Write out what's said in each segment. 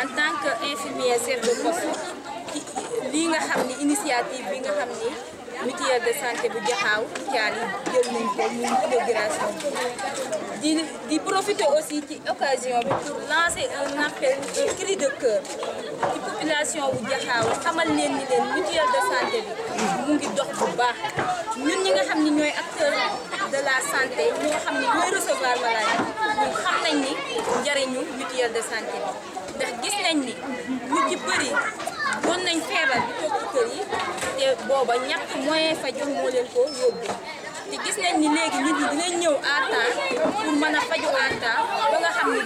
en tant que infirmier chef de poste lii nga xam ni initiative bi nga xam ni mutuelle de santé bu jaxaaw caal yi jël nañ ko muy intégration di di profiter aussi ci occasion bi pour lancer un appel un cri de cœur ci population bu jaxaaw xamal leen ni leen mutuelle de santé mu ngi dox bu baax ñun ñi nga xam ni ñooy acteur de la santé ñi nga xam ni ñooy recevoir malade ñun xam nañ ni njëriñu mutuelle de santé ndax gis nañ ni ñu ci bëri doon nañ feebar bi toog ci kër yi te booba ñàkk moyen fajoo moo leen ko yóbbu te gis nañ ni léegi nit ñi dinañ ñëw à temps pour mën a faju à ba nga xam ni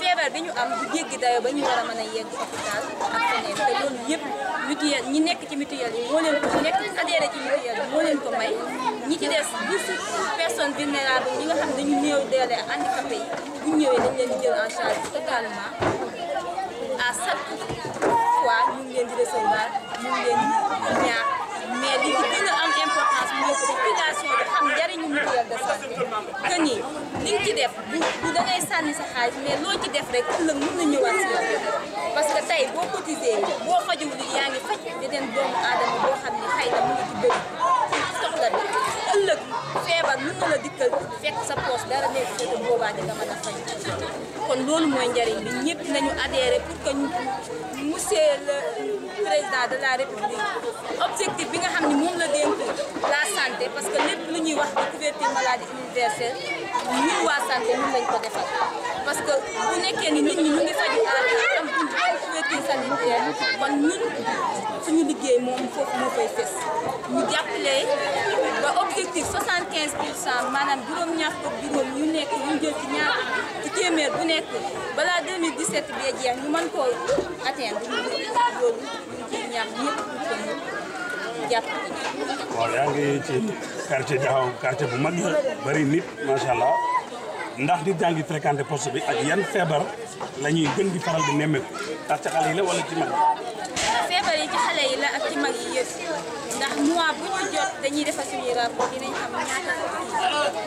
feebar bi ñu am bu jéggi dayo ba ñu war a mën a yegg hôpital ak feneen te loolu yëpp mutuelle ñi nekk ci mutuelle yi moo leen ko nekk adhéré ci mutuelle bi moo leen ko may ñi ci des bu personne vulnérable ñi nga xam ne dañu néew doole ak handicapé yi bu ñëwee dañ leen jël sëñ Ba ñu ngi leen di mais li ci gën a am importance mooy population bi xam njëriñu mutuelle de santé que ni li nga ci def bu bu da ngay sànni sa xaalis mais loo ci def rek ëllëg mën na ñëwaat si yow parce que boo cotisé boo fajuwul yaa ngi faj beneen doomu aadama boo xam ne xëy mu ngi ci bëri feebar mën na la dikkal fekk sa poos dara nekk loolu mooy njariñ bi ñëpp nañu adhéré pour que monsieur le président de la république objectif bi nga xam ne moom la dénk la santé parce que lépp lu ñuy wax di couverture maladie universelle ñun waa santé ñun lañ ko defal parce que bu nekkee ni nit ñi ñu ngi faju a am couverture sanitaire kon ñun suñu liggéey moom foofu moo fay fës ñu jàppale ba objectif 75 pour cent maanaam juróom-ñaar fukk juróom nekk ñu jël ci ñaar ci téeméer bu nekk balaa 2017 bee jeex ñu mën koo atteindre loolu ñu ci ñaax ñëpp pour ñu jàpp waaw yaa ngi ci quartier Diakhao quartier bu mag la bëri nit macha allah ndax di jàngi fréquenté poste bi ak yan feebar lañuy gën di faral di nemmeeku ndax ci xale yi la wala ci mag yi. feebar bu ñu jot dañuy defar suñuy rapport dinañ xam ñaata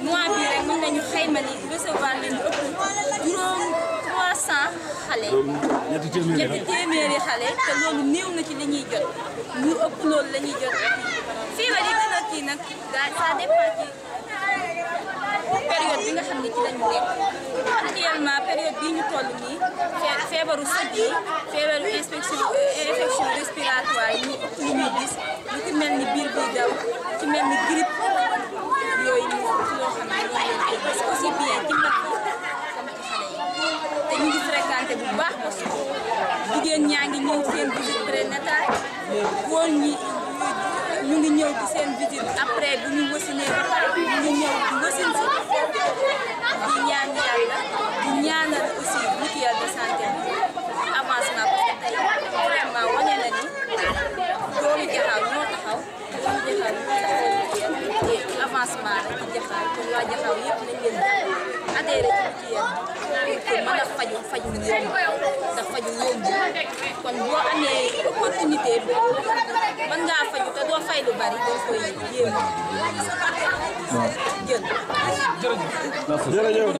mois bi rek mën nañu xayma ni recevoir nañu ci li ñuy jot ñu ëpp loolu la jot fii ba di gën a kii nag gaa ça dépend ci période bi nga xam ne ci ñu toll nii feebaru sëb yi feebaru inspection euh, infection respiratoire ñu ëpp lu ñuy gis lu mel ni biir jaww ci mel ni grippe yooyu ñu ci bien ci mag yi comme ci te ñu ngi fréquenté bu baax parce que jigéen ñaa ngi ñëw seen visite prénatale góor ñi ñu ngi ñëw ci seen visite après bu ñu wasinee ba pare ñu ngi ñëw di wasin si di ñaan yàlla di ñaanal aussi. lancement la ci jaxaay pour waa jaxaw yëpp nañ leen di ci ci yéen pour mën a faju faju yomb ndax faju yomb kon boo amee opportunité boo mën ngaa faju te doo fay lu bari doo koy jéem jël jërëjëf